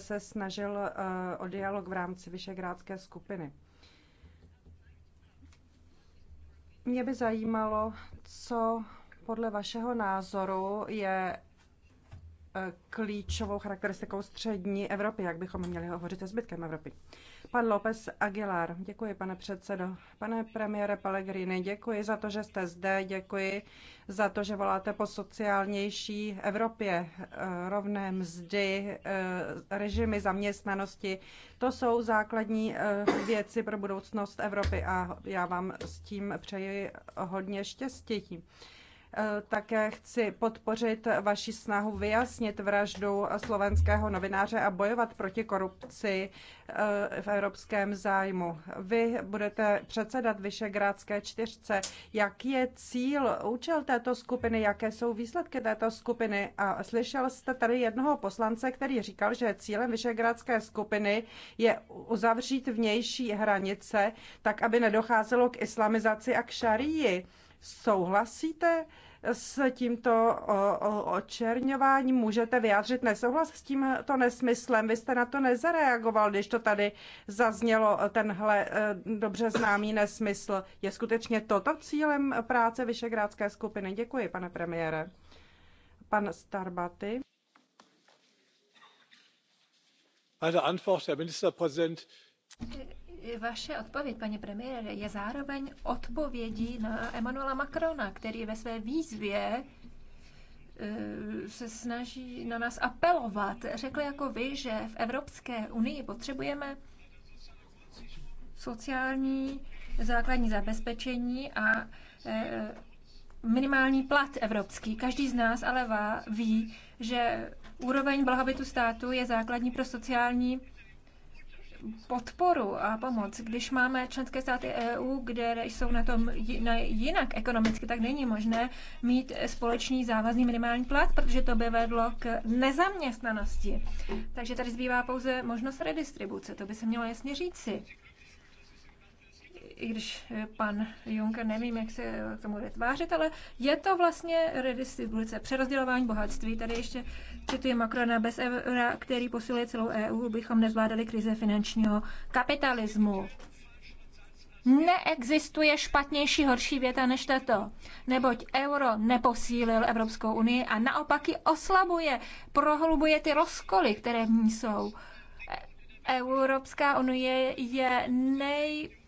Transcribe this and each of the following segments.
se snažil eh, o dialog v rámci Vyšegrádské skupiny. Mě by zajímalo, co podle vašeho názoru je klíčovou charakteristikou střední Evropy, jak bychom měli hovořit se zbytkem Evropy. Pan López Aguilar, děkuji, pane předsedo. Pane premiére Pellegrini, děkuji za to, že jste zde, děkuji za to, že voláte po sociálnější Evropě, eh, rovné mzdy, eh, režimy zaměstnanosti. To jsou základní eh, věci pro budoucnost Evropy a já vám s tím přeji hodně štěstí. Eh, také chci podpořit vaši snahu vyjasnit vraždu slovenského novináře a bojovat proti korupci eh, v evropském zájmu. Vy budete předsedat Vyšegrádské čtyřce. Jak je cíl, účel této skupiny, jaké jsou výsledky této skupiny? A slyšel jste tady jednoho poslance, který říkal, že cílem Vyšegrádské skupiny je uzavřít vnější hranice, tak aby nedocházelo k islamizaci a k šarii. Souhlasíte s tímto očerňováním? Můžete vyjádřit nesouhlas s tímto nesmyslem? Vy jste na to nezareagoval, když to tady zaznělo, tenhle e, dobře známý nesmysl. Je skutečně toto cílem práce Vyšegrádské skupiny? Děkuji, pane premiére. Pan Starbaty. Meine Antwort, Herr Ministerpräsident vaše odpověď, paní premiére, je zároveň odpovědí na Emanuela Macrona, který ve své výzvě eh, se snaží na nás apelovat. Řekl jako vy, že v Evropské unii potřebujeme sociální základní zabezpečení a eh, minimální plat evropský. Každý z nás ale ví, že úroveň blahobytu státu je základní pro sociální podporu a pomoc. Když máme členské státy EU, kde jsou na tom jinak ekonomicky, tak není možné mít společný závazný minimální plat, protože to by vedlo k nezaměstnanosti. Takže tady zbývá pouze možnost redistribuce, to by se mělo jasně říci i když eh, pan Juncker nevím, jak se k tomu bude tvářit, ale je to vlastně redistribuce, přerozdělování bohatství. Tady ještě cituji Macrona, bez eura, který posiluje celou EU, bychom nezvládali krize finančního kapitalismu. Neexistuje špatnější, horší věta než tato. Neboť euro neposílil Evropskou unii a naopak ji oslabuje, prohlubuje ty rozkoly, které v ní jsou. E- Evropská unie je nej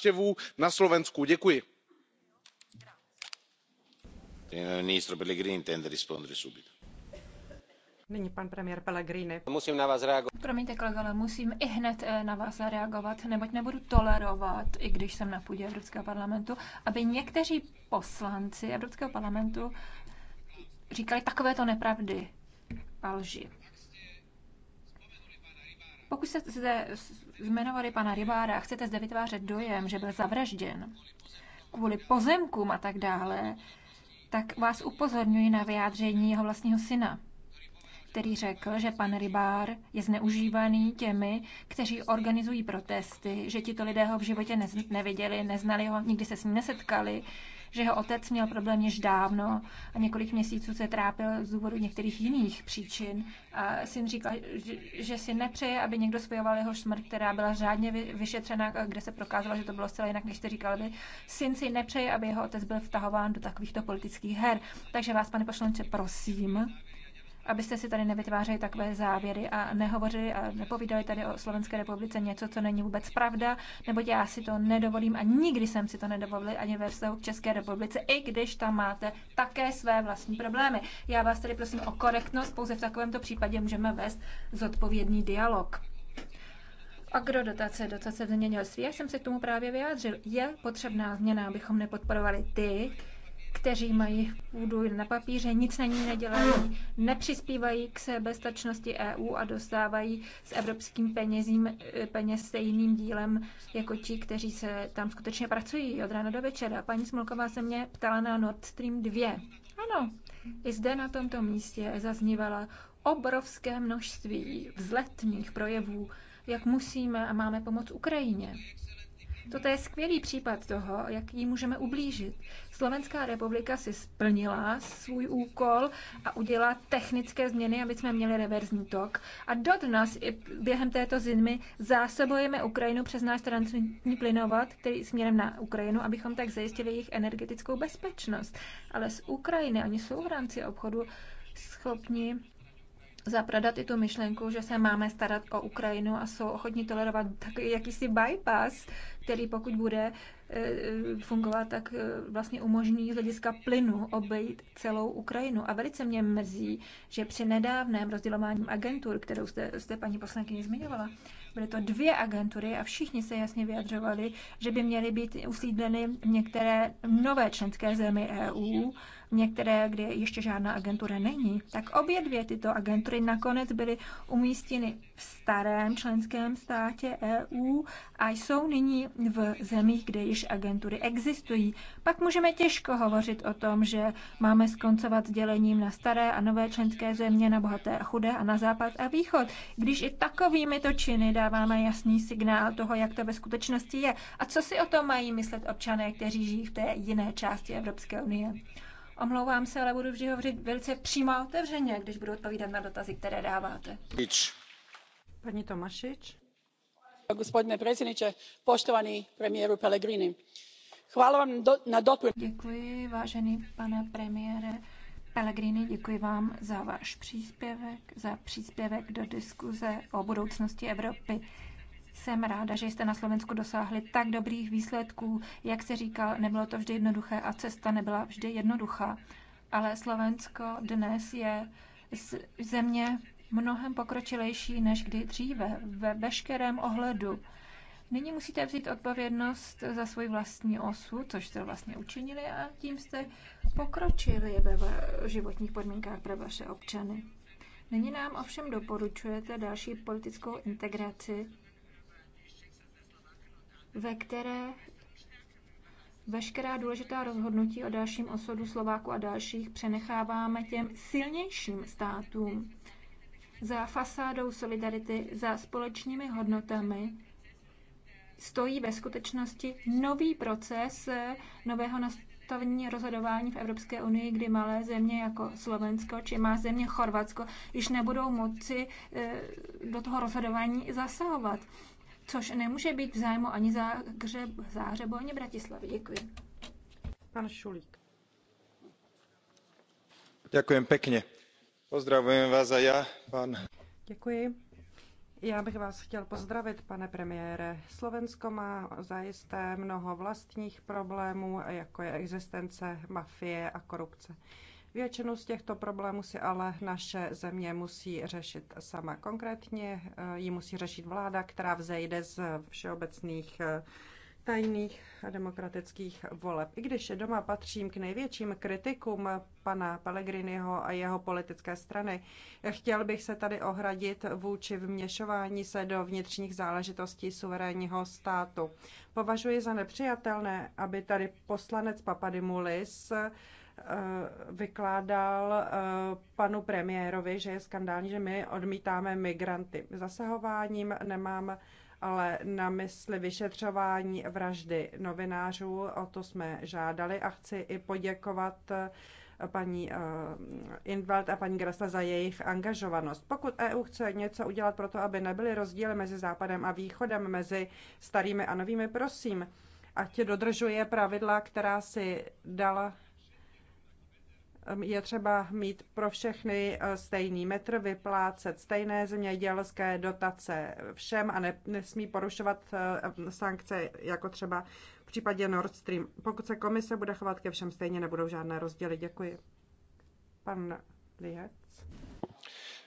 návštěvu na slovensku. děkuji. Eh, Nyní pan premiér Musím na vás reagovat. musím eh, na vás zareagovat, neboť nebudu tolerovat, i když jsem na půdě Evropského parlamentu, aby někteří poslanci Evropského parlamentu říkali takovéto nepravdy a lži. Pokud se zde jmenovali pana Rybára a chcete zde vytvářet dojem, že byl zavražděn kvůli pozemkům a tak dále, tak vás upozorňuji na vyjádření jeho vlastního syna, který řekl, že pan Rybár je zneužívaný těmi, kteří organizují protesty, že tito lidé ho v životě nez- neviděli, neznali ho, nikdy se s ním nesetkali, že jeho otec měl problém již dávno a několik měsíců se trápil z důvodu některých jiných příčin. A syn říkal, že si nepřeje, aby někdo spojoval jeho smrt, která byla řádně vyšetřena, kde se prokázalo, že to bylo zcela jinak, než jste říkal Aby Syn si nepřeje, aby jeho otec byl vtahován do takovýchto politických her. Takže vás, pane poslanče, prosím, abyste si tady nevytvářeli takové závěry a nehovořili a nepovídali tady o Slovenské republice něco, co není vůbec pravda, neboť já si to nedovolím a nikdy jsem si to nedovolil ani ve vztahu k České republice, i když tam máte také své vlastní problémy. Já vás tady prosím o korektnost, pouze v takovémto případě můžeme vést zodpovědný dialog. Agrodotace, dotace v zemědělství, já jsem se k tomu právě vyjádřil, je potřebná změna, abychom nepodporovali ty, kteří mají půdu na papíře, nic na ní nedělají, nepřispívají k sebestačnosti EU a dostávají s evropským penězím, eh, peněz stejným dílem jako ti, kteří se tam skutečně pracují od rána do večera. Paní Smolková se mě ptala na Nord Stream 2. Ano, i zde na tomto místě zaznívala obrovské množství vzletných projevů, jak musíme a máme pomoct Ukrajině. Toto je skvělý případ toho, jak ji můžeme ublížit. Slovenská republika si splnila svůj úkol a udělala technické změny, aby jsme měli reverzní tok. A dodnes i během této zimy zásobujeme Ukrajinu přes náš transitní plynovat, který směrem na Ukrajinu, abychom tak zajistili jejich energetickou bezpečnost. Ale z Ukrajiny, oni jsou v rámci obchodu schopni zapradat i tu myšlenku, že se máme starat o Ukrajinu a jsou ochotní tolerovat tak jakýsi bypass, který pokud bude eh, fungovat, tak eh, vlastně umožní z hlediska plynu obejít celou Ukrajinu. A velice mě mrzí, že při nedávném rozdělování agentur, kterou jste, jste paní poslankyně zmiňovala, byly to dvě agentury a všichni se jasně vyjadřovali, že by měly být usídleny některé nové členské zemi EU některé, kde ještě žádná agentura není, tak obě dvě tyto agentury nakonec byly umístěny v starém členském státě EU a jsou nyní v zemích, kde již agentury existují. Pak můžeme těžko hovořit o tom, že máme skoncovat s dělením na staré a nové členské země, na bohaté a chudé a na západ a východ, když i takovými to činy dáváme jasný signál toho, jak to ve skutečnosti je. A co si o tom mají myslet občané, kteří žijí v té jiné části Evropské unie? Omlouvám se, ale budu vždy hovořit velice přímo a otevřeně, když budu odpovídat na dotazy, které dáváte. Pani Tomašič. Gospodine predsjedniče, poštovaný premiéru Pellegrini. Chvála vám do, na doplň. Děkuji, vážený pane premiére. Pellegrini, děkuji vám za váš příspěvek, za příspěvek do diskuze o budoucnosti Evropy. Jsem ráda, že jste na Slovensku dosáhli tak dobrých výsledků. Jak se říkal, nebylo to vždy jednoduché a cesta nebyla vždy jednoduchá. Ale Slovensko dnes je země mnohem pokročilejší než kdy dříve, ve veškerém ohledu. Nyní musíte vzít odpovědnost za svůj vlastní osu, což jste vlastně učinili a tím jste pokročili ve životních podmínkách pro vaše občany. Nyní nám ovšem doporučujete další politickou integraci ve které veškerá důležitá rozhodnutí o dalším osudu Slováku a dalších přenecháváme těm silnějším státům. Za fasádou solidarity, za společnými hodnotami stojí ve skutečnosti nový proces nového nastavení rozhodování v Evropské unii, kdy malé země jako Slovensko či má země Chorvatsko již nebudou moci eh, do toho rozhodování zasahovat což nemůže být v zájmu ani Záhřeb, Záhřebu, ani Bratislavy. Děkuji. Pan Šulík. Děkuji pěkně. Pozdravujem vás a já, pan. Děkuji. Já bych vás chtěl pozdravit, pane premiére. Slovensko má zajisté mnoho vlastních problémů, jako je existence mafie a korupce. Většinu z těchto problémů si ale naše země musí řešit sama konkrétně, eh, ji musí řešit vláda, která vzejde z všeobecných eh, tajných a demokratických voleb. I když doma patřím k největším kritikům pana Pellegriniho a jeho politické strany, chtěl bych se tady ohradit vůči vměšování se do vnitřních záležitostí suverénního státu. Považuji za nepřijatelné, aby tady poslanec Papadimulis Eh, vykládal eh, panu premiérovi, že je skandální, že my odmítáme migranty. Zasahováním nemám ale na mysli vyšetřování vraždy novinářů, o to jsme žádali a chci i poděkovat eh, paní Invald a paní Grasle za jejich angažovanost. Pokud EU chce něco udělat pro to, aby nebyly rozdíly mezi Západem a Východem, mezi starými a novými, prosím, ať dodržuje pravidla, která si dala Ehm, je třeba mít pro všechny eh, stejný metr, vyplácet stejné zemědělské dotace všem a ne, nesmí porušovat eh, sankce, jako třeba v případě Nord Stream. Pokud se komise bude chovat ke všem stejně, nebudou žádné rozdíly. Děkuji. Pan Liec.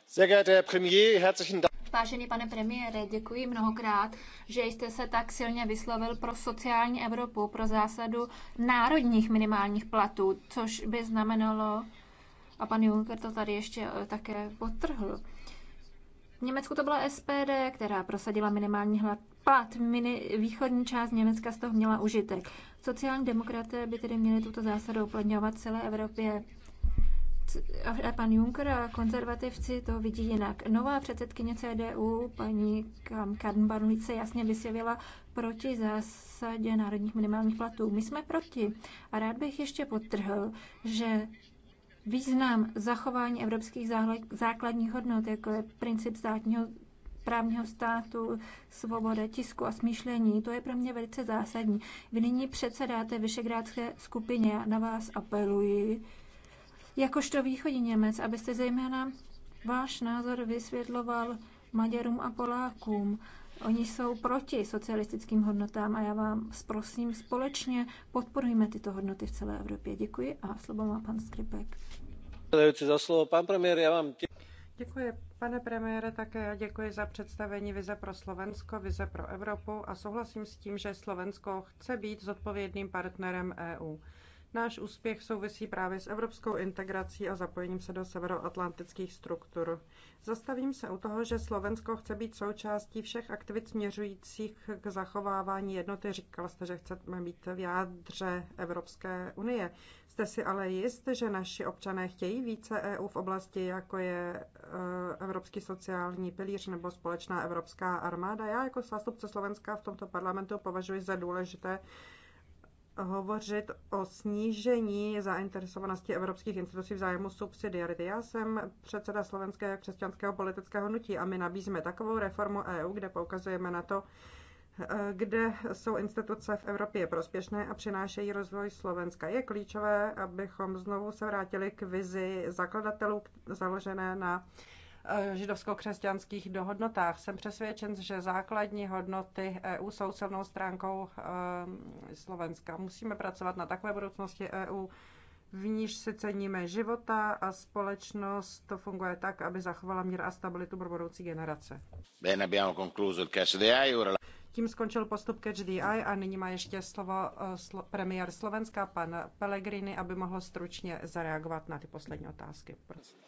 Sehr geehrter Herr Premier, herzlichen Dank. Vážený pane premiére, děkuji mnohokrát, že jste se tak silně vyslovil pro sociální Evropu, pro zásadu národních minimálních platů, což by znamenalo, a pan Juncker to tady ještě eh, také potrhl, v Německu to byla SPD, která prosadila minimální hlad plat. Mini, východní část Německa z toho měla užitek. Sociální demokraté by tedy měli tuto zásadu uplatňovat celé Evropě a pan Juncker a konzervativci to vidí jinak. Nová předsedkyně CDU, paní Kadenbarnice, jasně vysvěvila proti zásadě národních minimálních platů. My jsme proti. A rád bych ještě potrhl, že význam zachování evropských základních hodnot, jako je princip státního právního státu, svoboda tisku a smýšlení. To je pro mě velice zásadní. Vy nyní předsedáte Vyšegrádské skupině. Na vás apeluji, jakožto východní Němec, abyste zejména váš názor vysvětloval Maďarům a Polákům. Oni jsou proti socialistickým hodnotám a já vám prosím společně podporujme tyto hodnoty v celé Evropě. Děkuji a slovo má pan Skripek. za slovo. Pan premiér, já vám Děkuji, pane premiére, také já děkuji za představení vize pro Slovensko, vize pro Evropu a souhlasím s tím, že Slovensko chce být zodpovědným partnerem EU. Náš úspěch souvisí právě s evropskou integrací a zapojením se do severoatlantických struktur. Zastavím se u toho, že Slovensko chce být součástí všech aktivit směřujících k zachovávání jednoty. Říkala jste, že chceme být v jádře Evropské unie. Jste si ale jist, že naši občané chtějí více EU v oblasti, jako je eh, Evropský sociální pilíř nebo společná Evropská armáda? Já jako zástupce Slovenska v tomto parlamentu považuji za důležité, hovořit o snížení zainteresovanosti evropských institucí v zájmu subsidiarity. Já jsem předseda Slovenského křesťanského politického hnutí a my nabízíme takovou reformu EU, kde poukazujeme na to, kde jsou instituce v Evropě prospěšné a přinášejí rozvoj Slovenska. Je klíčové, abychom znovu se vrátili k vizi zakladatelů založené na Eh, židovsko-křesťanských dohodnotách. Jsem přesvědčen, že základní hodnoty EU jsou silnou stránkou eh, Slovenska. Musíme pracovat na takové budoucnosti EU, v níž si ceníme života a společnost to funguje tak, aby zachovala mír a stabilitu pro budoucí generace. Tím skončil postup Catch the Eye a nyní má ještě slovo eh, slo, premiér Slovenska, pan Pellegrini, aby mohl stručně zareagovat na ty poslední otázky. Prosím.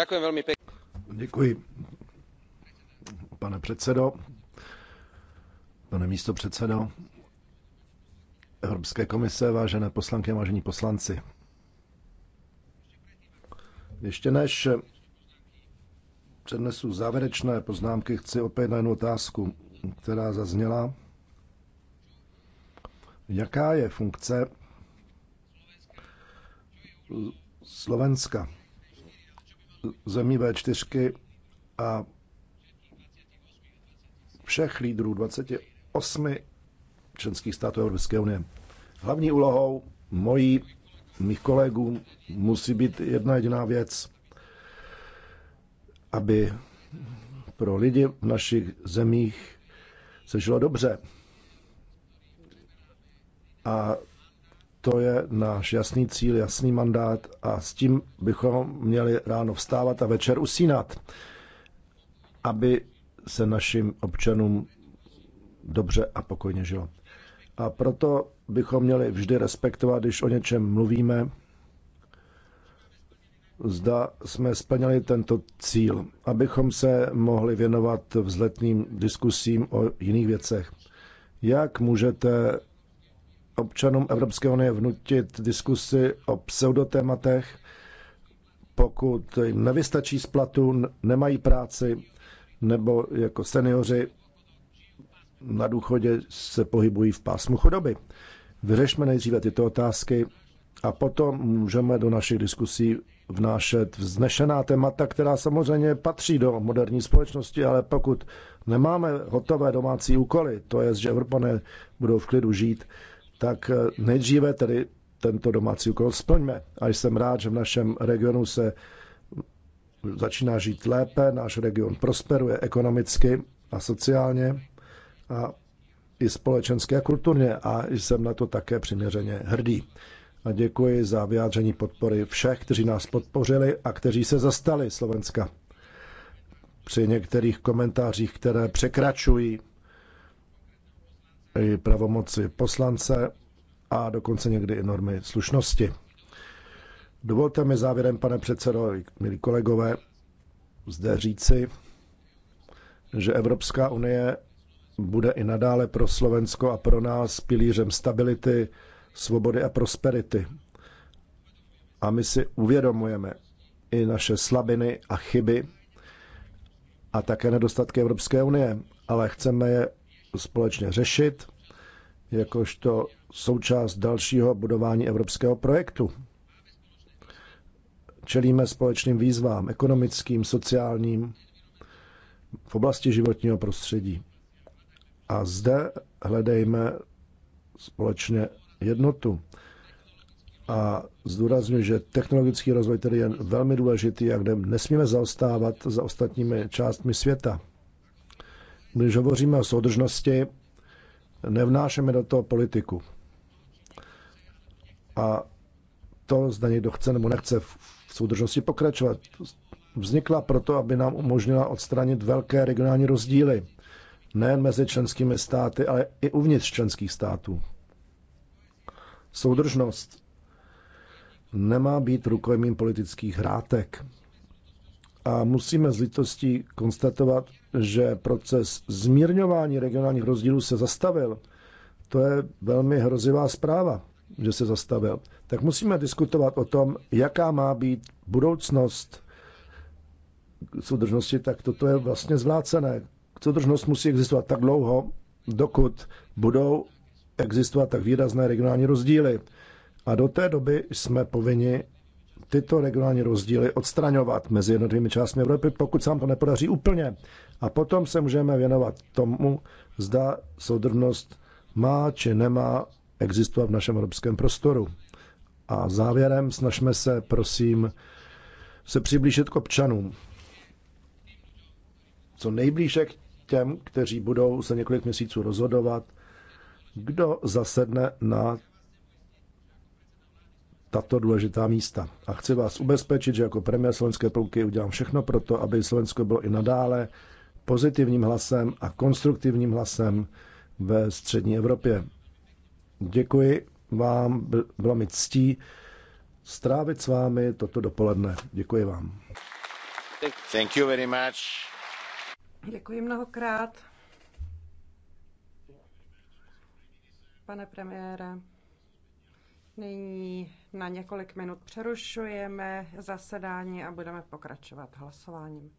Děkuji velmi Děkuji, pane předsedo, pane místo předsedo Evropské komise, vážené poslanky a vážení poslanci. Ještě než přednesu závěrečné poznámky, chci opět na jednu otázku, která zazněla. Jaká je funkce Slovenska zemí V4 a všech lídrů 28 členských států Evropské unie. Hlavní úlohou mojí, mých kolegů musí být jedna jediná věc, aby pro lidi v našich zemích se žilo dobře. A to je náš jasný cíl, jasný mandát a s tím bychom měli ráno vstávat a večer usínat, aby se našim občanům dobře a pokojně žilo. A proto bychom měli vždy respektovat, když o něčem mluvíme, zda jsme splnili tento cíl, abychom se mohli věnovat vzletným diskusím o jiných věcech. Jak můžete občanům Evropské unie vnutit diskusy o pseudotématech, pokud jim nevystačí z platu, nemají práci, nebo jako seniori na důchodě se pohybují v pásmu chudoby. Vyřešme nejdříve tyto otázky a potom můžeme do našich diskusí vnášet vznešená témata, která samozřejmě patří do moderní společnosti, ale pokud nemáme hotové domácí úkoly, to je, že Evropané budou v klidu žít, tak eh, nejdříve tedy tento domácí úkol splňme. A jsem rád, že v našem regionu se začíná žít lépe, náš region prosperuje ekonomicky a sociálně a i společenské a kulturně a jsem na to také přiměřeně hrdý. A děkuji za vyjádření podpory všech, kteří nás podpořili a kteří se zastali Slovenska. Při některých komentářích, které překračují i pravomoci poslance a dokonce někdy i normy slušnosti. Dovolte mi závěrem, pane předsedo, milí kolegové, zde říci, že Evropská unie bude i nadále pro Slovensko a pro nás pilířem stability, svobody a prosperity. A my si uvědomujeme i naše slabiny a chyby a také nedostatky Evropské unie, ale chceme je společně řešit, jakožto součást dalšího budování evropského projektu. Čelíme společným výzvám ekonomickým, sociálním, v oblasti životního prostředí. A zde hledejme společně jednotu. A zdůraznuju, že technologický rozvoj tedy je velmi důležitý a kde nesmíme zaostávat za ostatními částmi světa. Když hovoříme o soudržnosti, nevnášeme do toho politiku. A to, zda někdo chce nebo nechce v soudržnosti pokračovat, vznikla proto, aby nám umožnila odstranit velké regionální rozdíly, nejen mezi členskými státy, ale i uvnitř členských států. Soudržnost nemá být rukojmím politických hrátek a musíme z litostí konstatovat, že proces zmírňování regionálních rozdílů se zastavil. To je velmi hrozivá zpráva, že se zastavil. Tak musíme diskutovat o tom, jaká má být budoucnost soudržnosti, tak toto je vlastně zvlácené. Soudržnost musí existovat tak dlouho, dokud budou existovat tak výrazné regionální rozdíly. A do té doby jsme povinni tyto regionální rozdíly odstraňovat mezi jednotlivými částmi Evropy, pokud se nám to nepodaří úplně. A potom se můžeme věnovat tomu, zda soudrnost má či nemá existovat v našem evropském prostoru. A závěrem snažme se, prosím, se přiblížit k občanům. Co nejblíže k těm, kteří budou se několik měsíců rozhodovat, kdo zasedne na tato důležitá místa. A chci vás ubezpečit, že jako premiér Slovenské pluky udělám všechno pro to, aby Slovensko bylo i nadále pozitivním hlasem a konstruktivním hlasem ve střední Evropě. Děkuji vám, bylo mi ctí strávit s vámi toto dopoledne. Děkuji vám. Thank you very much. Děkuji mnohokrát. Pane premiére. Nyní na několik minut přerušujeme zasedání a budeme pokračovat hlasováním.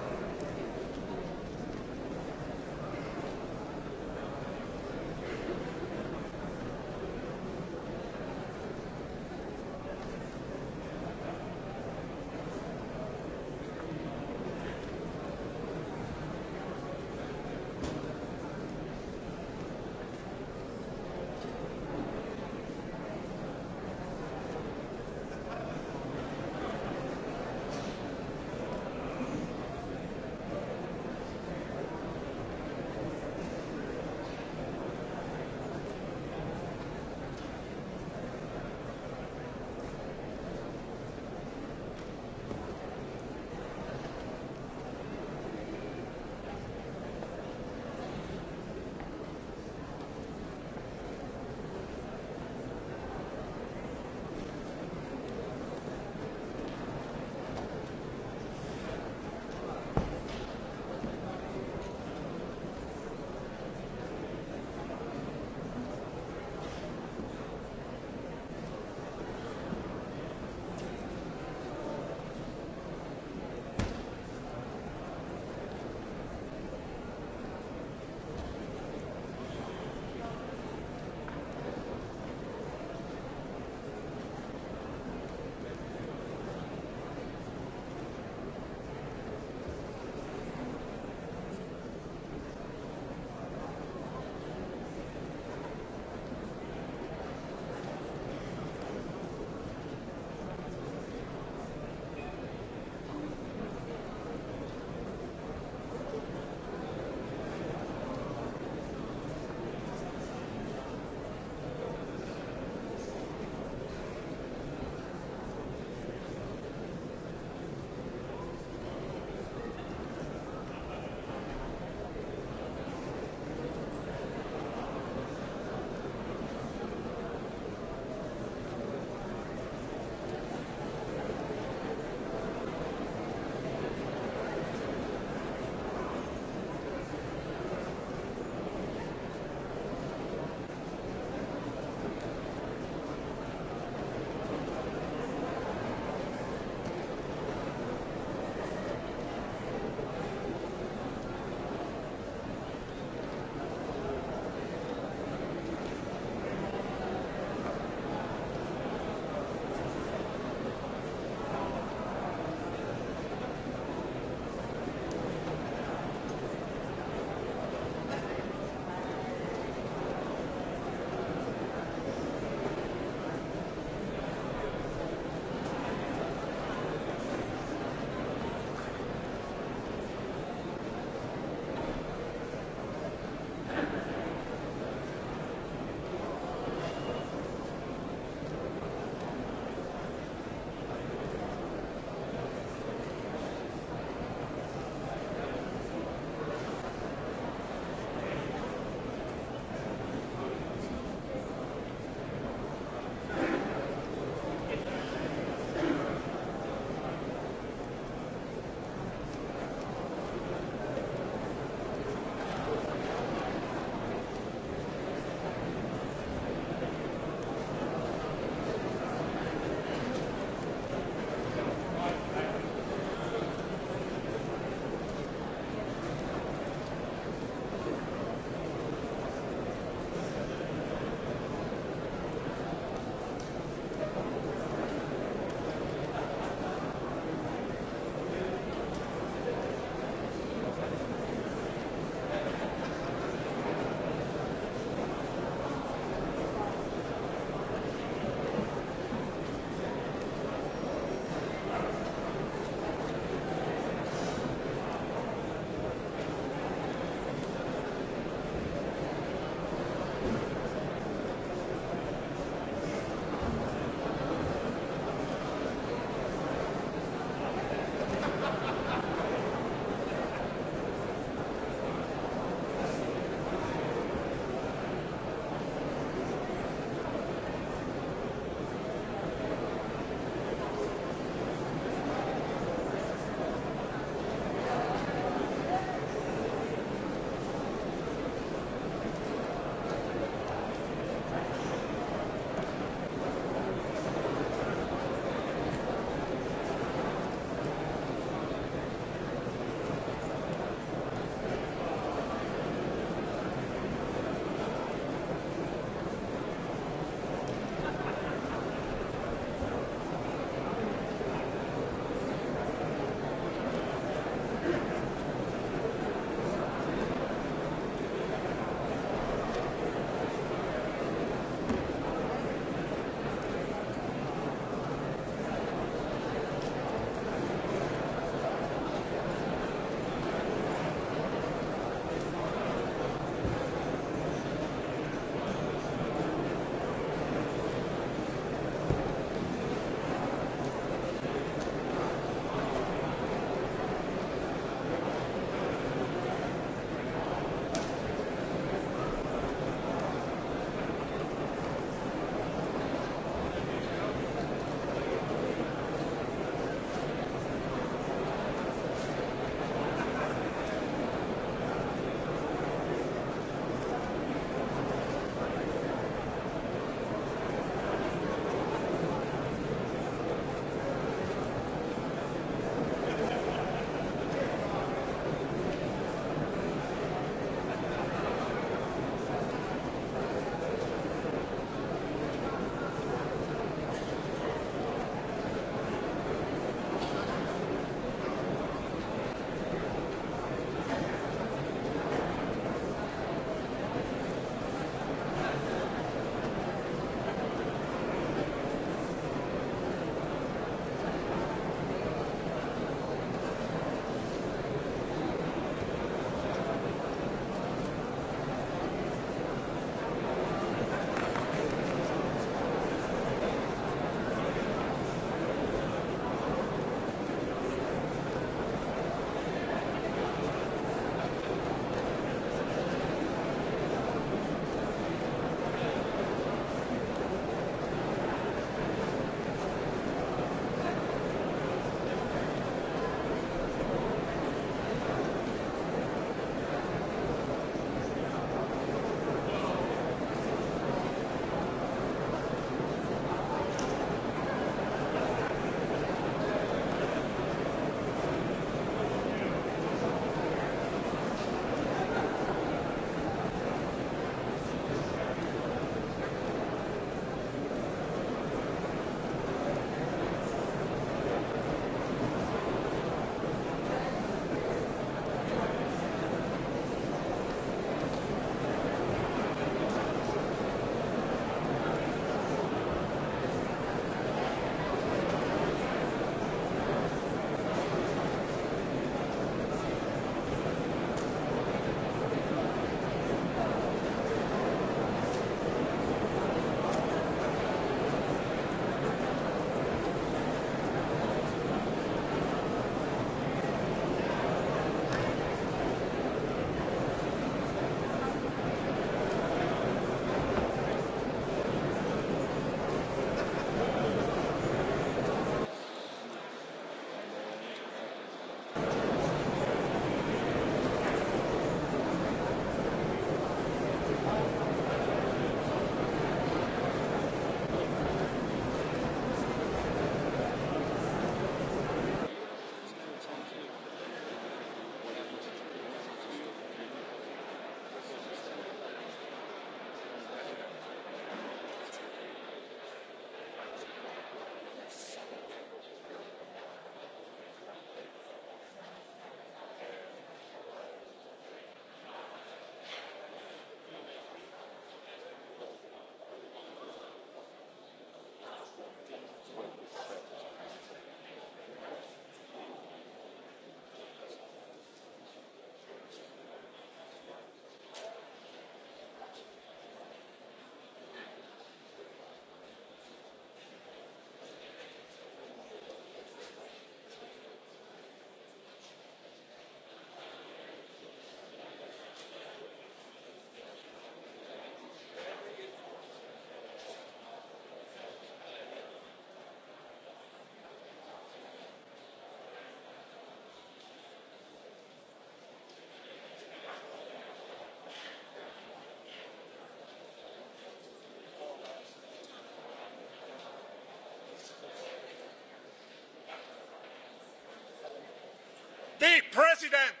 prezident!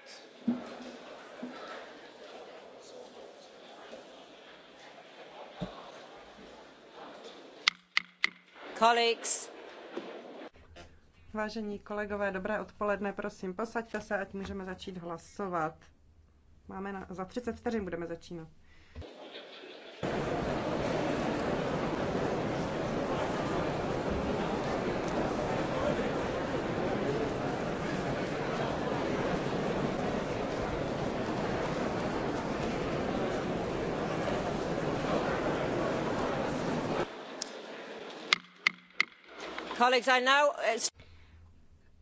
Vážení kolegové, dobré odpoledne, prosím, posaďte se, ať můžeme začít hlasovat. Máme na, za 30 vteřin budeme začínat. Uh,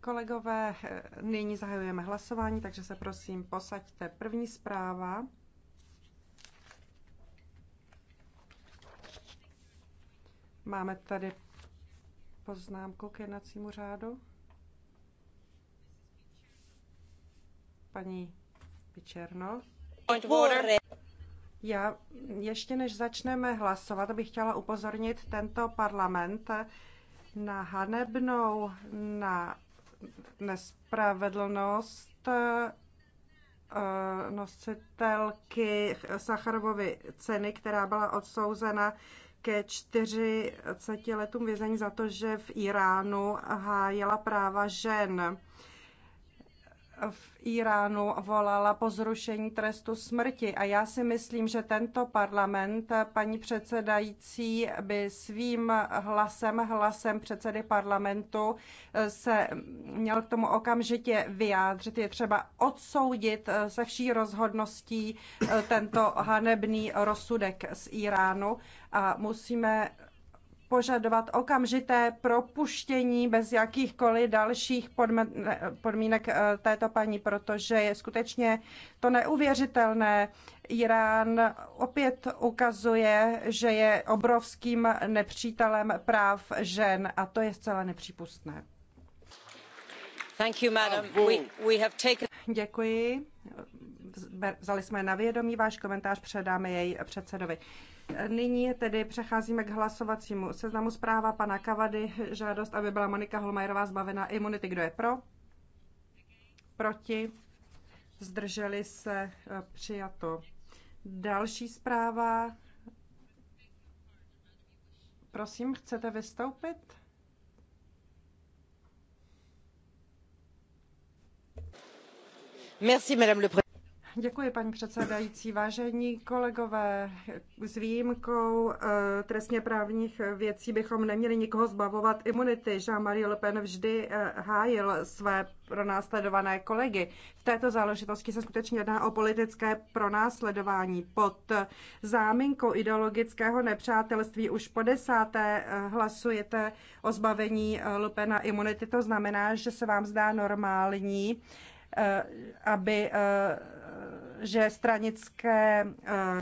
Kolegové, eh, nyní zahajujeme hlasování, takže se prosím posaďte. První zpráva. Máme tady poznámku k jednacímu řádu. Paní Pičerno. Já ještě než začneme hlasovat, bych chtěla upozornit tento parlament, na hanebnou, na nespravedlnost eh, nositelky Sacharovovy ceny, která byla odsouzena ke 40 letům vězení za to, že v Iránu hájela práva žen v Iránu volala po zrušení trestu smrti. A já si myslím, že tento parlament, paní předsedající, by svým hlasem, hlasem předsedy parlamentu, se měl k tomu okamžitě vyjádřit. Je třeba odsoudit se vší rozhodností eh, tento hanebný rozsudek z Iránu a musíme požadovat okamžité propuštění bez jakýchkoliv dalších podmínek eh, této paní, protože je skutečně to neuvěřitelné. Irán opět ukazuje, že je obrovským nepřítelem práv žen a to je zcela nepřípustné. You, oh, we, oh. we taken... Děkuji. Vzali jsme na vědomí váš komentář, předáme jej předsedovi. Nyní tedy přecházíme k hlasovacímu seznamu zpráva pana Kavady. Žádost, aby byla Monika Holmajerová zbavena imunity. Kdo je pro? Proti? Zdrželi se? Eh, přijato. Další zpráva. Prosím, chcete vystoupit? Merci, madame le Děkuji, paní předsedající. Vážení kolegové, s výjimkou eh, trestně právních věcí bychom neměli nikoho zbavovat imunity. Jean-Marie Le Pen vždy eh, hájil své pronásledované kolegy. V této záležitosti se skutečně jedná o politické pronásledování. Pod záminkou ideologického nepřátelství už po desáté eh, hlasujete o zbavení Le Pena imunity. To znamená, že se vám zdá normální, aby že stranické eh,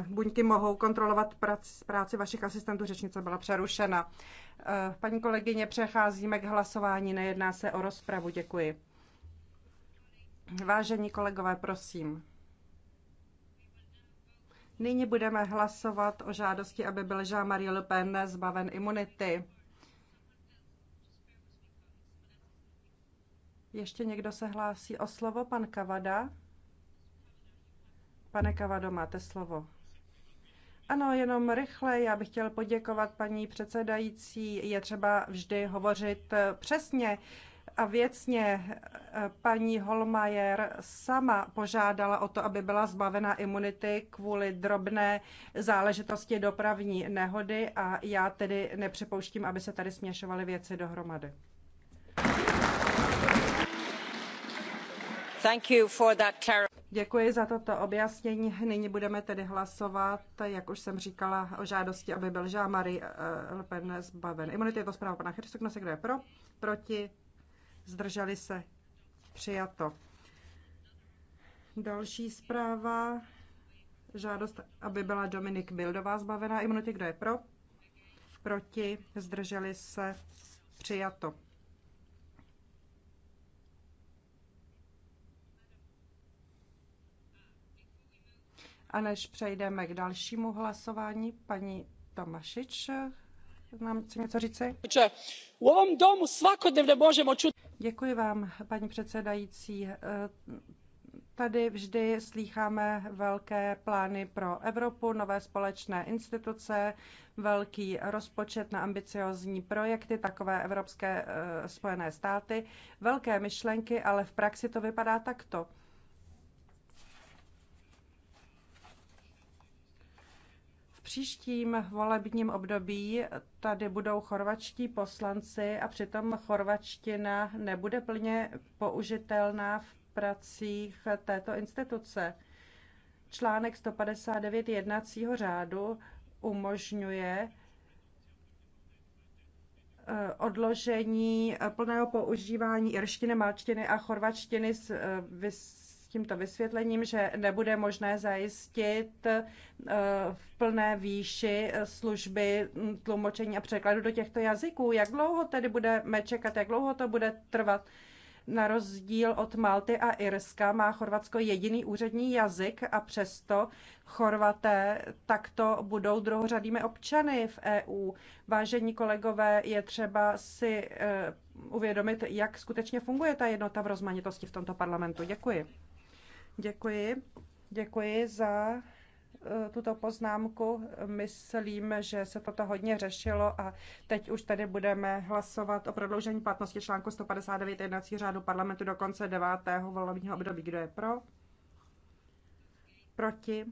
buňky mohou kontrolovat práci vašich asistentů. Řečnice byla přerušena. Eh, paní kolegyně, přecházíme k hlasování, nejedná se o rozpravu. Děkuji. Vážení kolegové, prosím. Nyní budeme hlasovat o žádosti, aby byl Jean-Marie Le Pen zbaven imunity. Ještě někdo se hlásí o slovo? Pan Kavada? Pane Kavado, máte slovo. Ano, jenom rychle, já bych chtěl poděkovat paní předsedající. Je třeba vždy hovořit eh, přesně a věcně. Eh, paní Holmajer sama požádala o to, aby byla zbavena imunity kvůli drobné záležitosti dopravní nehody a já tedy nepřipouštím, aby se tady směšovaly věci dohromady. Thank you for that Děkuji za toto objasnění. Nyní budeme tedy hlasovat, jak už jsem říkala, o žádosti, aby byl Jean-Marie eh, Le Pen zbaven imunity. Je to zpráva pana Hrstoknose, kdo je pro, proti, zdrželi se, přijato. Další zpráva, žádost, aby byla Dominik Bildová zbavená imunity, kdo je pro, proti, zdrželi se, přijato. A než přejdeme k dalšímu hlasování, paní Tomašič, mám chce něco říci? U ovom domu svakodnevně můžeme čutit. Děkuji vám, paní předsedající. Eh, tady vždy slýcháme velké plány pro Evropu, nové společné instituce, velký rozpočet na ambiciozní projekty, takové evropské eh, spojené státy, velké myšlenky, ale v praxi to vypadá takto. příštím volebním období tady budou chorvačtí poslanci a přitom chorvačtina nebude plně použitelná v pracích této instituce. Článek 159 jednacího řádu umožňuje eh, odložení plného používání irštiny, malčtiny a chorvačtiny s eh, vys tímto vysvětlením, že nebude možné zajistit eh, v plné výši eh, služby mm, tlumočení a překladu do těchto jazyků. Jak dlouho tedy budeme čekat, jak dlouho to bude trvat? Na rozdíl od Malty a Irska má Chorvatsko jediný úřední jazyk a přesto Chorvaté takto budou druhořadými občany v EU. Vážení kolegové, je třeba si eh, uvědomit, jak skutečně funguje ta jednota v rozmanitosti v tomto parlamentu. Děkuji. Děkuji. Děkuji za e, tuto poznámku. Myslím, že se toto hodně řešilo a teď už tady budeme hlasovat o prodloužení platnosti článku 159 jednací řádu parlamentu do konce 9. volebního období. Kdo je pro? Proti?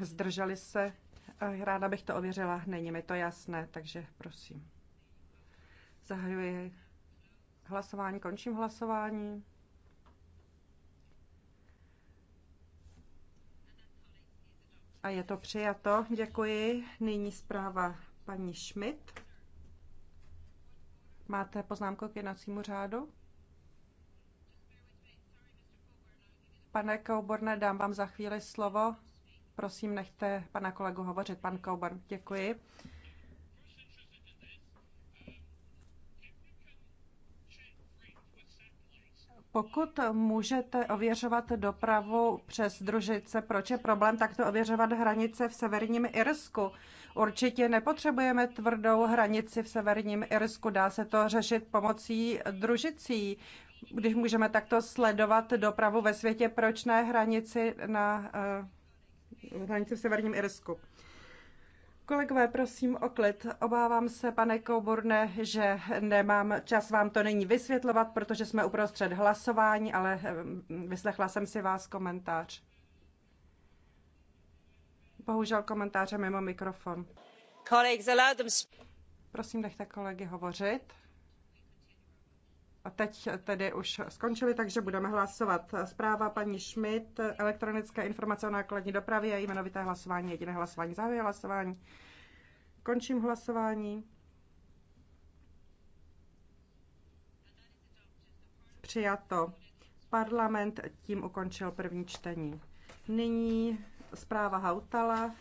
Zdrželi se? E, ráda bych to ověřila, není mi to jasné, takže prosím. Zahajuji hlasování, končím hlasování. A je to přijato. Děkuji. Nyní zpráva paní Schmidt. Máte poznámku k jednacímu řádu? Pane Kouborne, dám vám za chvíli slovo. Prosím, nechte pana kolegu hovořit. Pan Kouborn, děkuji. Pokud můžete ověřovat dopravu přes družice, proč je problém takto ověřovat hranice v severním Irsku? Určitě nepotřebujeme tvrdou hranici v severním Irsku, dá se to řešit pomocí družicí. Když můžeme takto sledovat dopravu ve světě, proč ne hranici na uh, hranici v severním Irsku? Kolegové, prosím o klid. Obávám se, pane Kouborne, že nemám čas vám to nyní vysvětlovat, protože jsme uprostřed hlasování, ale vyslechla jsem si vás komentář. Bohužel komentáře mimo mikrofon. Prosím, nechte kolegy hovořit. A teď tedy už skončili, takže budeme hlasovat. Zpráva paní Schmidt, elektronické informace o nákladní dopravě jmenovité hlasování, jediné hlasování, zahajuji hlasování. Končím hlasování. Přijato. Parlament tím ukončil první čtení. Nyní zpráva Hautala,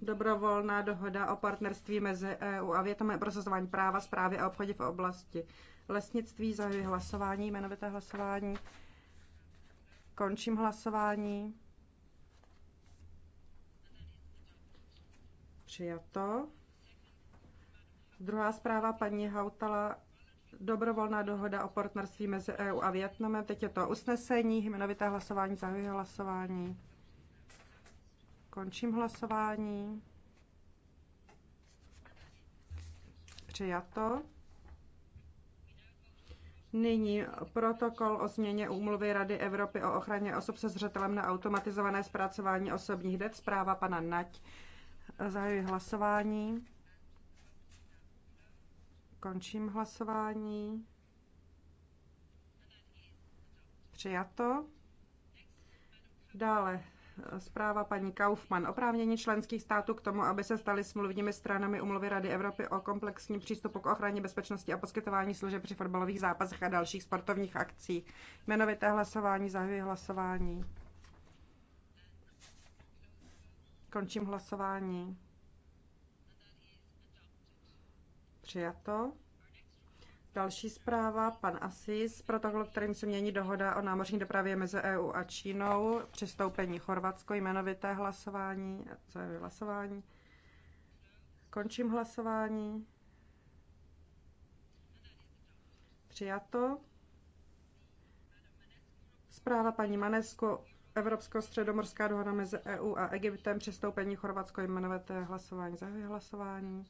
dobrovolná dohoda o partnerství mezi EU a Větnamem prosazování práva, zprávy a obchodě v oblasti lesnictví, zahajuji hlasování, jmenovité hlasování. Končím hlasování. Přijato. Druhá zpráva paní Hautala, dobrovolná dohoda o partnerství mezi EU a Větnamem. Teď je to usnesení, jmenovité hlasování, zahajuji hlasování. Končím hlasování. Přijato. Nyní protokol o změně úmluvy Rady Evropy o ochraně osob se zřetelem na automatizované zpracování osobních dat. Zpráva pana Nať. Zahajuji hlasování. Končím hlasování. Přijato. Dále Zpráva paní Kaufmann. Oprávnění členských států k tomu, aby se staly smluvními stranami umluvy Rady Evropy o komplexním přístupu k ochraně bezpečnosti a poskytování služeb při fotbalových zápasech a dalších sportovních akcích. Jmenovité hlasování, zahajuji hlasování. Končím hlasování. Přijato. Další zpráva, pan Asis, protokol, kterým se mění dohoda o námořní dopravě mezi EU a Čínou, přistoupení Chorvatsko, jmenovité hlasování, co je hlasování. Končím hlasování. Přijato. Zpráva paní Manesko, Evropsko-středomorská dohoda mezi EU a Egyptem, přistoupení Chorvatsko, jmenovité hlasování, zahajuji hlasování.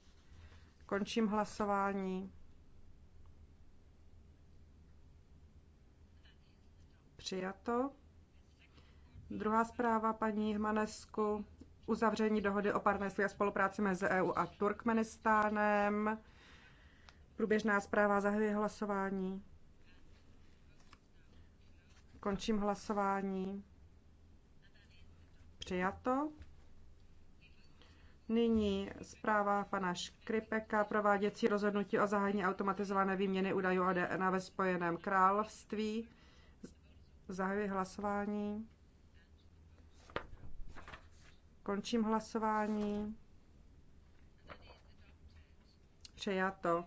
Končím hlasování. Přijato. Druhá zpráva paní Hmanesku. Uzavření dohody o partnerství a spolupráci mezi EU a Turkmenistánem. Průběžná zpráva zahajuje hlasování. Končím hlasování. Přijato. Nyní zpráva pana Škripeka, prováděcí rozhodnutí o zahájení automatizované výměny údajů ADN ve Spojeném království. Zahajuji hlasování. Končím hlasování. Přejato.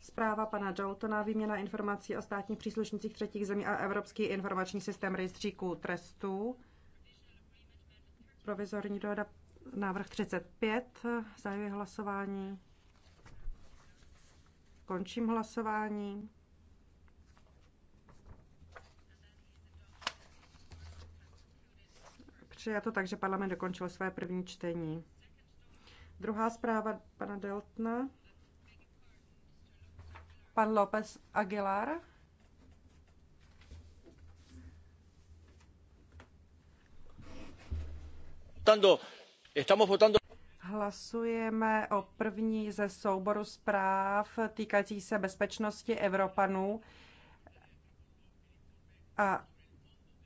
Zpráva pana Daltona, výměna informací o státních příslušnicích třetích zemí a Evropský informační systém rejstříků trestů. Provizorní dohoda návrh 35. Zahajuji hlasování. Končím hlasování. přijato, takže parlament dokončil své první čtení. Druhá zpráva pana Deltna. Pan López Aguilar. Hlasujeme o první ze souboru zpráv týkající se bezpečnosti Evropanů. A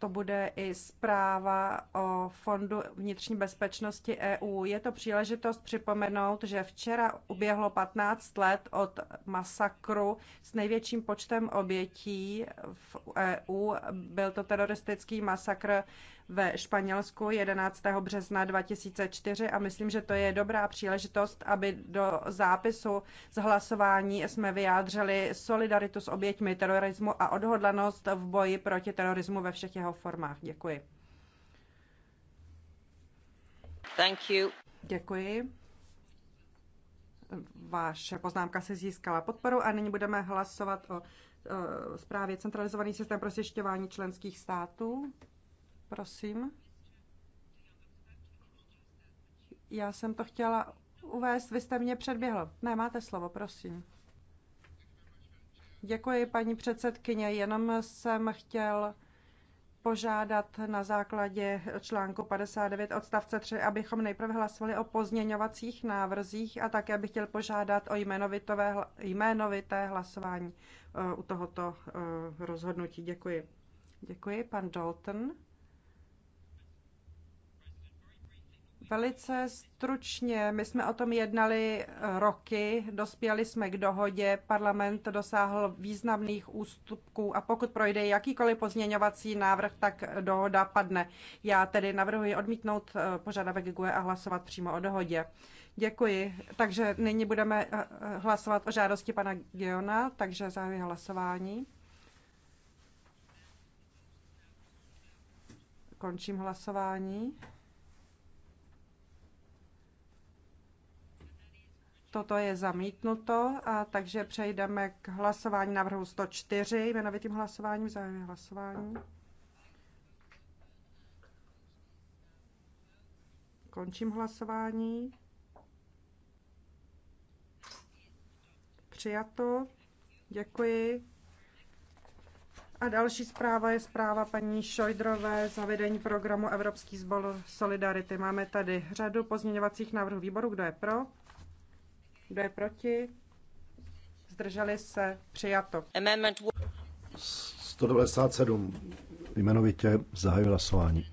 to bude i zpráva o Fondu vnitřní bezpečnosti EU. Je to příležitost připomenout, že včera uběhlo 15 let od masakru s největším počtem obětí v EU. Byl to teroristický masakr ve Španělsku 11. března 2004 a myslím, že to je dobrá příležitost, aby do zápisu z hlasování jsme vyjádřili solidaritu s oběťmi terorismu a odhodlanost v boji proti terorismu ve všech jeho formách. Děkuji. Thank you. Děkuji. Vaše poznámka se získala podporu a nyní budeme hlasovat o zprávě Centralizovaný systém pro zjišťování členských států. Prosím. Já jsem to chtěla uvést, vy jste mě předběhl. Ne, máte slovo, prosím. Děkuji, paní předsedkyně. Jenom jsem chtěl požádat na základě článku 59 odstavce 3, abychom nejprve hlasovali o pozměňovacích návrzích a také bych chtěl požádat o jmenovitové, jmenovité hlasování eh, u tohoto eh, rozhodnutí. Děkuji. Děkuji, pan Dalton. Velice stručně, my jsme o tom jednali eh, roky, dospěli jsme k dohodě, parlament dosáhl významných ústupků a pokud projde jakýkoliv pozměňovací návrh, tak dohoda padne. Já tedy navrhuji odmítnout eh, požadavek GUE a hlasovat přímo o dohodě. Děkuji. Takže nyní budeme eh, hlasovat o žádosti pana Giona, takže zahajuji hlasování. Končím hlasování. Toto je zamítnuto, a takže přejdeme k hlasování návrhu 104, jmenovitým hlasováním, zahajuji hlasování. Končím hlasování. Přijato. Děkuji. A další zpráva je zpráva paní Šojdrové vedení programu Evropský sbor Solidarity. Máme tady řadu pozměňovacích návrhů výboru. Kdo je pro? Kdo je proti? Zdrželi se? Přijato. 197 jmenovitě zahajuji hlasování.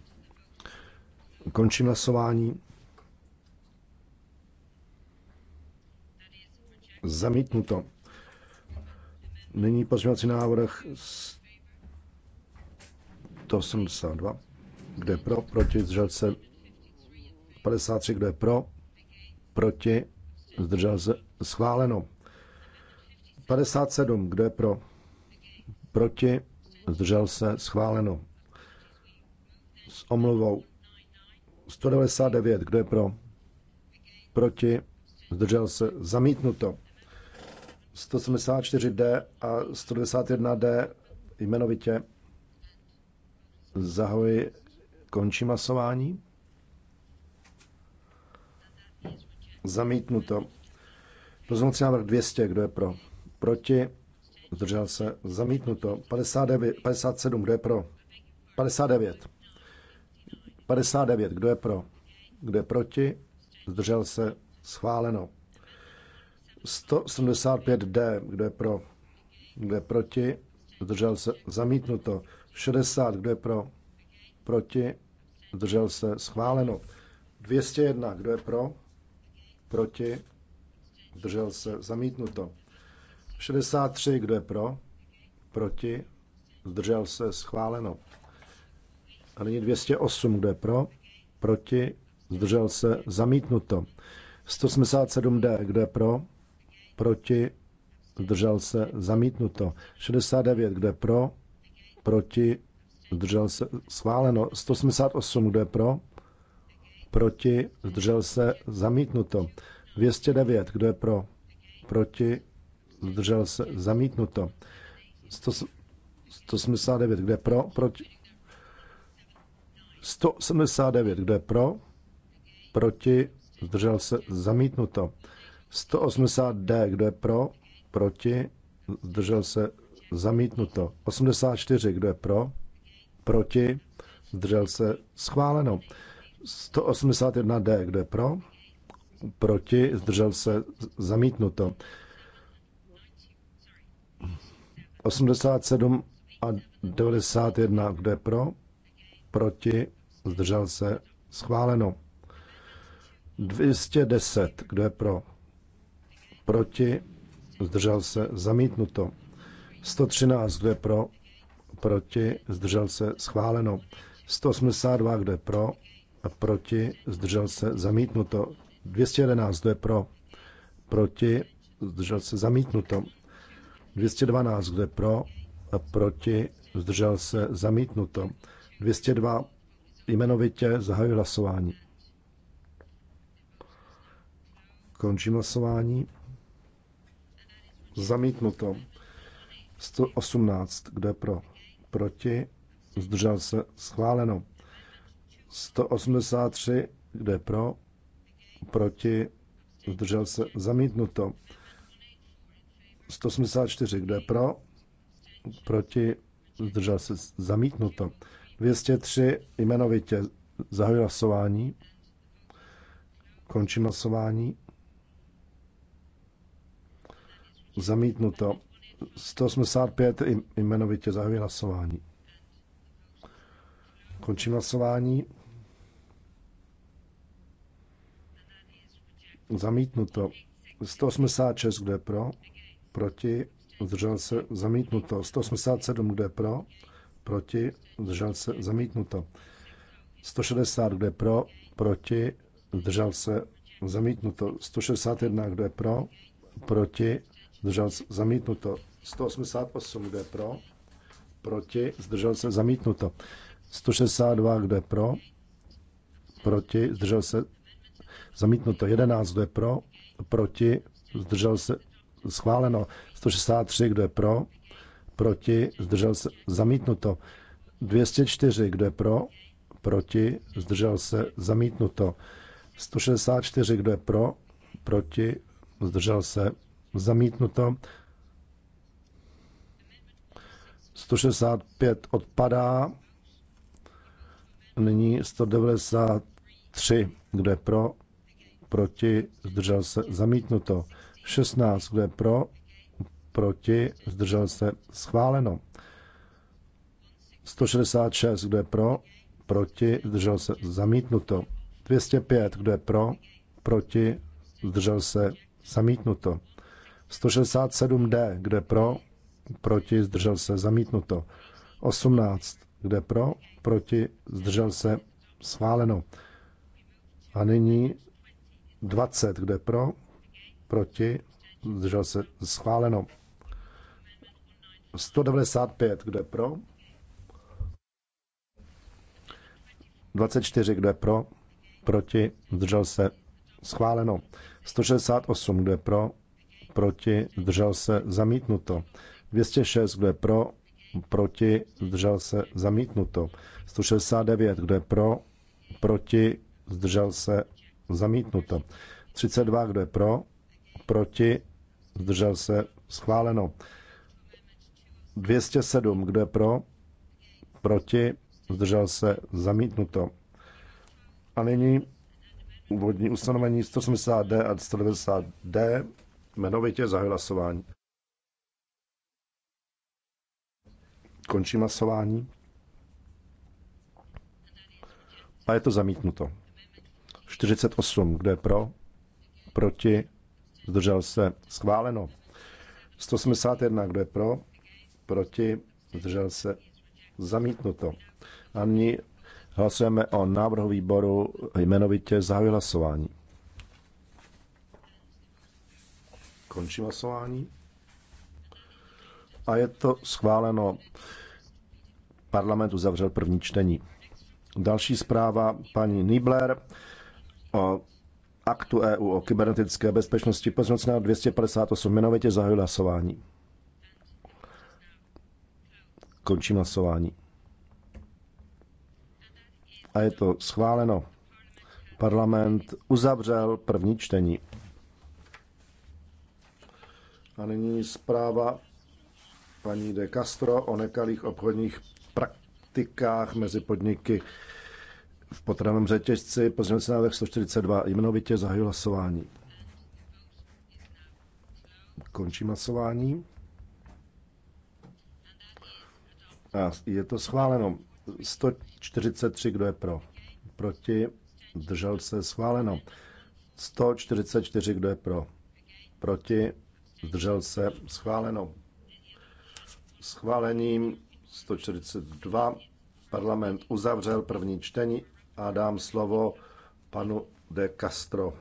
Končím hlasování. Zamítnuto. Nyní pozměňovací návrh 182. Kdo je pro? Proti? Zdržel se 53. Kdo je pro? Proti? zdržel se, schváleno. 57, kdo je pro, proti, zdržel se, schváleno. S omluvou 199, kdo je pro, proti, zdržel se, zamítnuto. 174D a 191D jmenovitě zahoji, končí masování Zamítnuto. Pozvolci návrh 200, kdo je pro? Proti? Zdržel se. Zamítnuto. 59, 57, kdo je pro? 59. 59, kdo je pro? Kdo je proti? Zdržel se. Schváleno. 175D, kdo je pro? Kdo je proti? Zdržel se. Zamítnuto. 60, kdo je pro? Proti? Zdržel se. Schváleno. 201, kdo je pro? proti, zdržel se, zamítnuto. 63, kdo je pro, proti, zdržel se, schváleno. A nyní 208, kdo je pro, proti, zdržel se, zamítnuto. 187D, kdo je pro, proti, zdržel se, zamítnuto. 69, kdo je pro, proti, zdržel se, schváleno. 188, kdo je pro, proti, zdržel se, zamítnuto. 209, kdo je pro, proti, zdržel se, zamítnuto. 189, kdo je pro, proti, 179, kdo je pro, proti, zdržel se, zamítnuto. 180D, kdo je pro, proti, zdržel se, zamítnuto. 84, kdo je pro, proti, zdržel se, schváleno. 181D, kdo je pro? Proti, zdržel se, zamítnuto. 87 a 91, kdo je pro? Proti, zdržel se, schváleno. 210, kdo je pro? Proti, zdržel se, zamítnuto. 113, kdo je pro? Proti, zdržel se, schváleno. 182, kdo je pro? proti, zdržel se, zamítnuto. 211, kdo je pro, proti, zdržel se, zamítnuto. 212, kdo je pro, proti, zdržel se, zamítnuto. 202, jmenovitě, zahajuji hlasování. Končím hlasování. Zamítnuto. 118, kdo je pro, proti, zdržel se, schváleno. 183, kde pro, proti, zdržel se, zamítnuto. 184, kde pro, proti, zdržel se, zamítnuto. 203, jmenovitě, zahajuje hlasování, končím hlasování, zamítnuto. 185 jmenovitě zahajuje hlasování. Končím hlasování. Zamítnuto. 186, kdo je pro? Proti? Zdržel se? Zamítnuto. 187, kdo je pro? Proti? Zdržel se? Zamítnuto. 160, kdo je pro? Proti? Zdržel se? Zamítnuto. 161, kdo je pro? Proti? Zdržel se? Zamítnuto. 188, kdo je pro? Proti? Zdržel se? Zamítnuto. 162, kdo je pro? Proti? Zdržel se? Zamítnuto 11, kdo je pro, proti, zdržel se, schváleno 163, kdo je pro, proti, zdržel se, zamítnuto 204, kdo je pro, proti, zdržel se, zamítnuto 164, kdo je pro, proti, zdržel se, zamítnuto 165 odpadá, nyní 193, kdo je pro, proti, zdržel se, zamítnuto. 16, kdo je pro, proti, zdržel se, schváleno. 166, kdo je pro, proti, zdržel se, zamítnuto. 205, kdo je pro, proti, zdržel se, zamítnuto. 167D, je pro, proti, zdržel se, zamítnuto. 18, je pro, proti, zdržel se, schváleno. A nyní 20, kde pro, proti, zdržel se schváleno. 195, kde pro, 24, kde pro, proti, zdržel se schváleno. 168, kde pro, proti, zdržel se zamítnuto. 206, kde pro, proti, zdržel se zamítnuto. 169, kde pro, proti, zdržel se Zamítnuto. 32, kdo je pro? Proti? Zdržel se? Schváleno. 207, kdo je pro? Proti? Zdržel se? Zamítnuto. A nyní úvodní ustanovení 180D a 190D jmenovitě za hlasování. Končím hlasování. A je to zamítnuto. 48, kde pro, proti, zdržel se, schváleno. 181, kdo je pro, proti, zdržel se, zamítnuto. A nyní hlasujeme o návrhu výboru jmenovitě za hlasování. Končím hlasování. A je to schváleno. Parlament uzavřel první čtení. Další zpráva paní Nibler o aktu EU o kybernetické bezpečnosti pozornost na 258 jmenovitě zahajuji hlasování. Končím hlasování. A je to schváleno. Parlament uzavřel první čtení. A nyní zpráva paní de Castro o nekalých obchodních praktikách mezi podniky v potravném řetězci pozměňovací návrh 142 jmenovitě zahajuji hlasování. Končím hlasování. A je to schváleno. 143, kdo je pro? Proti? Držel se schváleno. 144, kdo je pro? Proti? Zdržel se schváleno. Schválením 142 parlament uzavřel první čtení a dám slovo panu de Castro.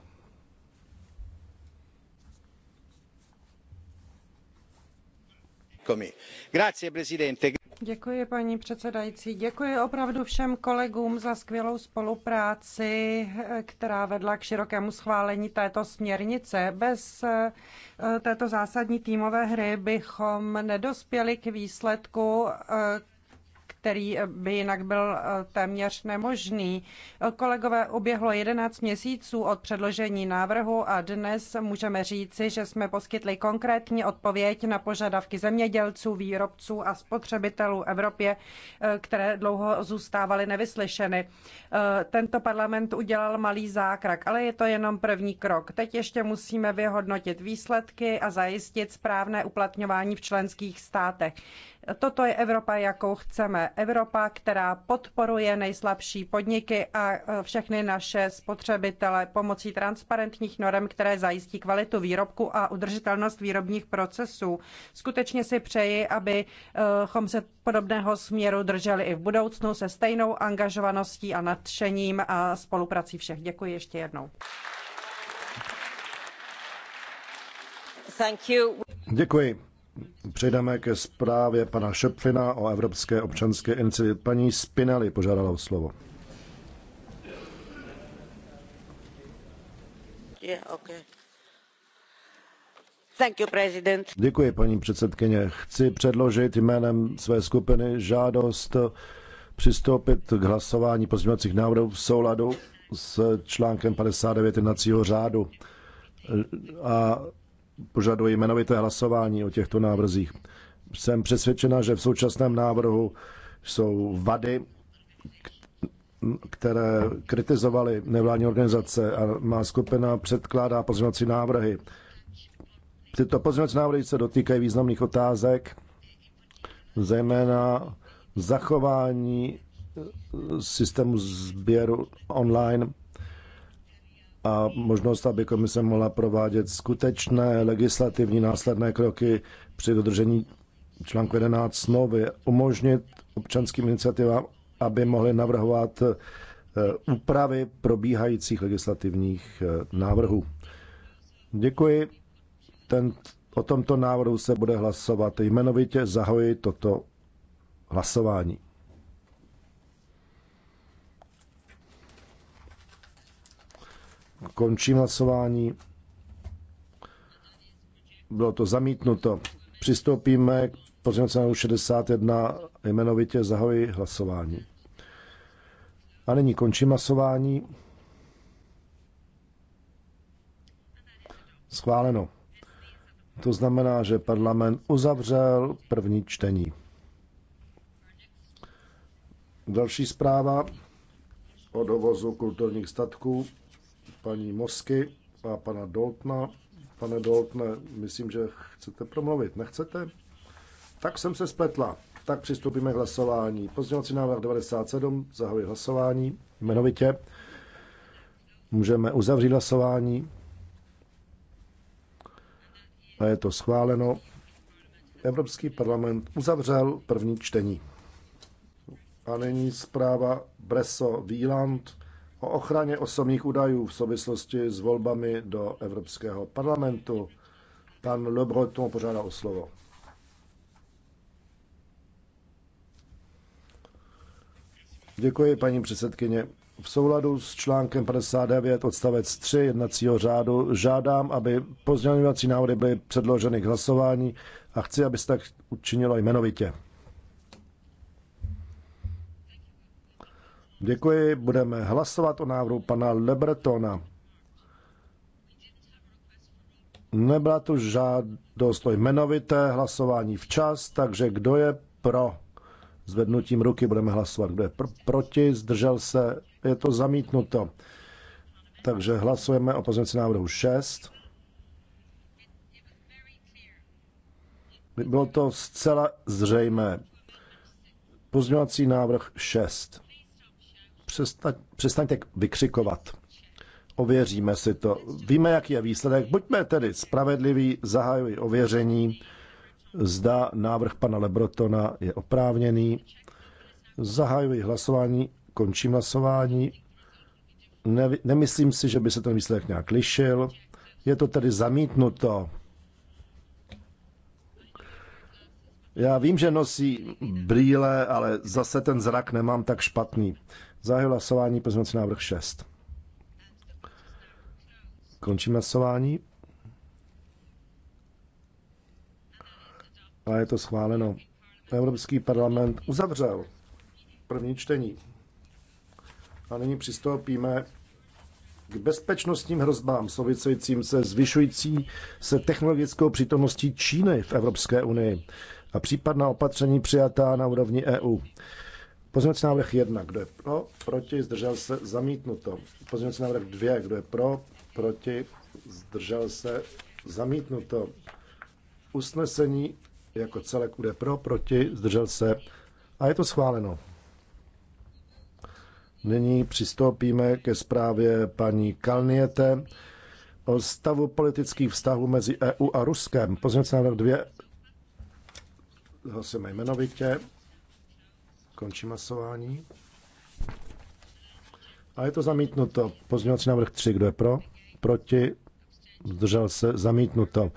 Děkuji, paní předsedající. Děkuji opravdu všem kolegům za skvělou spolupráci, která vedla k širokému schválení této směrnice. Bez eh, této zásadní týmové hry bychom nedospěli k výsledku, eh, který eh, by jinak byl eh, téměř nemožný. Kolegové, uběhlo 11 měsíců od předložení návrhu a dnes můžeme říci, že jsme poskytli konkrétní odpověď na požadavky zemědělců, výrobců a spotřebitelů Evropě, eh, které dlouho zůstávaly nevyslyšeny. Tento parlament udělal malý zákrak, ale je to jenom první krok. Teď ještě musíme vyhodnotit výsledky a zajistit správné uplatňování v členských státech. Toto je Evropa, jakou chceme. Evropa, která podporuje nejslabší podniky a e, všechny naše spotřebitele pomocí transparentních norm, které zajistí kvalitu výrobku a udržitelnost výrobních procesů. Skutečně si přeji, abychom e, se podobného směru drželi i v budoucnu se stejnou angažovaností a nadšením a spoluprací všech. Děkuji ještě jednou. Thank you. Děkuji. Přejdeme ke zprávě pana Šepfina o Evropské občanské iniciativě. Paní Spinelli požádala o slovo. Yeah, okay. Thank you, president. Děkuji, paní předsedkyně. Chci předložit jménem své skupiny žádost přistoupit k hlasování pozměňovacích návrhů v souladu s článkem 59 jednacího řádu a požaduji jmenovité hlasování o těchto návrzích. Jsem přesvědčena, že v současném návrhu jsou vady, které kritizovaly nevládní organizace a má skupina předkládá pozměňovací návrhy. Tyto pozměňovací návrhy se dotýkají významných otázek, zejména zachování systému sběru online a možnost, aby komise mohla provádět skutečné legislativní následné kroky při dodržení článku 11 smlouvy, umožnit občanským iniciativám, aby mohly navrhovat eh, úpravy probíhajících legislativních eh, návrhů. Děkuji. Ten, o tomto návrhu se bude hlasovat jmenovitě. Zahoji toto hlasování. Končím hlasování. Bylo to zamítnuto. Přistoupíme k pozměnce 61 jmenovitě zahoji hlasování. A nyní končím hlasování. Schváleno. To znamená, že parlament uzavřel první čtení. Další zpráva o dovozu kulturních statků paní Mosky a pana Doltna. Pane Doltne, myslím, že chcete promluvit. Nechcete? Tak jsem se spletla. Tak přistoupíme k hlasování. Pozdělací návrh 97, zahajuji hlasování jmenovitě. Můžeme uzavřít hlasování. A je to schváleno. Evropský parlament uzavřel první čtení. A není zpráva Breso Wieland o ochraně osobních údajů v souvislosti s volbami do Evropského parlamentu. Pan Le Breton požádá o slovo. Děkuji, paní předsedkyně. V souladu s článkem 59 odstavec 3 jednacího řádu žádám, aby pozměňovací návody byly předloženy k hlasování a chci, abyste tak učinilo jmenovitě. Děkuji, budeme hlasovat o návrhu pana Lebretona. Nebyla tu žádost o jmenovité hlasování včas, takže kdo je pro? Zvednutím ruky budeme hlasovat. Kdo je pr- proti? Zdržel se? Je to zamítnuto. Takže hlasujeme o pozměnci návrhu 6. Bylo to zcela zřejmé. Pozměňovací návrh 6 přesta- přestaňte vykřikovat. Ověříme si to. Víme, jaký je výsledek. Buďme tedy spravedliví, zahajují ověření. Zda návrh pana Lebrotona je oprávněný. Zahajují hlasování, končím hlasování. Ne, nemyslím si, že by se ten výsledek nějak lišil. Je to tedy zamítnuto. Já vím, že nosí brýle, ale zase ten zrak nemám tak špatný. Zahajuji hlasování pozměnce návrh 6. Končíme hlasování. A je to schváleno. Evropský parlament uzavřel první čtení. A nyní přistoupíme k bezpečnostním hrozbám souvisejícím se zvyšující se technologickou přítomností Číny v Evropské unii a případná opatření přijatá na úrovni EU. Pozměňovací návrh 1, kdo je pro, proti, zdržel se, zamítnuto. Pozměňovací návrh 2, kdo je pro, proti, zdržel se, zamítnuto. Usnesení jako celek bude pro, proti, zdržel se a je to schváleno. Nyní přistoupíme ke zprávě paní Kalniete o stavu politických vztahů mezi EU a Ruskem. Pozměňovací návrh 2 Hlasujeme jmenovitě. Končím hlasování. A je to zamítnuto. Pozměňovací návrh 3, kdo je pro? Proti? Zdržel se? Zamítnuto.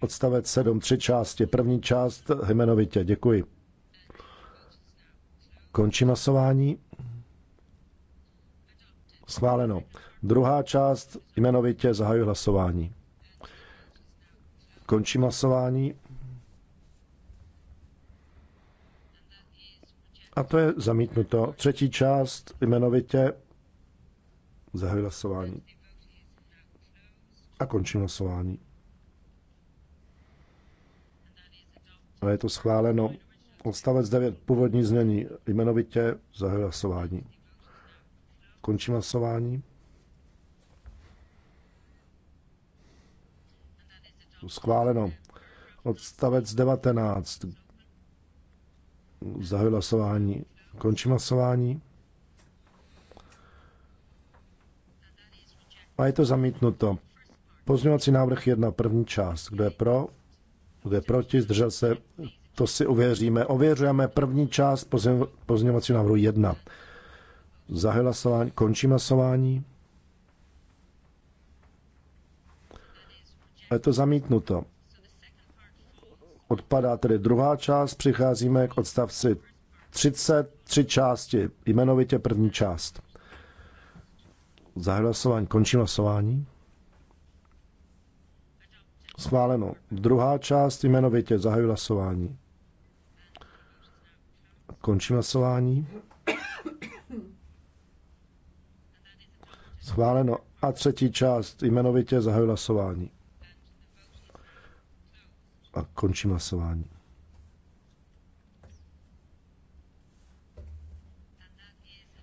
Odstavec 7, tři části. První část jmenovitě. Děkuji. Končím hlasování. Schváleno. Druhá část jmenovitě zahajuji hlasování. Končím hlasování. A to je zamítnuto. Třetí část jmenovitě zahajuji hlasování. A končím hlasování. A je to schváleno. Odstavec 9, původní znění, jmenovitě zahajuji hlasování. Končím hlasování. Schváleno. Odstavec 19, Zahajuji hlasování. Končím hlasování. A je to zamítnuto. Pozměňovací návrh jedna, první část. Kdo je pro? Kdo je proti? Zdržel se? To si ověříme. Ověřujeme první část pozměňovací návrhu jedna. Zahajuji hlasování. Končím hlasování. A je to zamítnuto. Odpadá tedy druhá část, přicházíme k odstavci 33 části, jmenovitě první část. Zahajuji hlasování, končí hlasování. Schváleno. Druhá část jmenovitě zahajuji hlasování. Končí hlasování. Schváleno. A třetí část jmenovitě zahajuji hlasování a končím hlasování.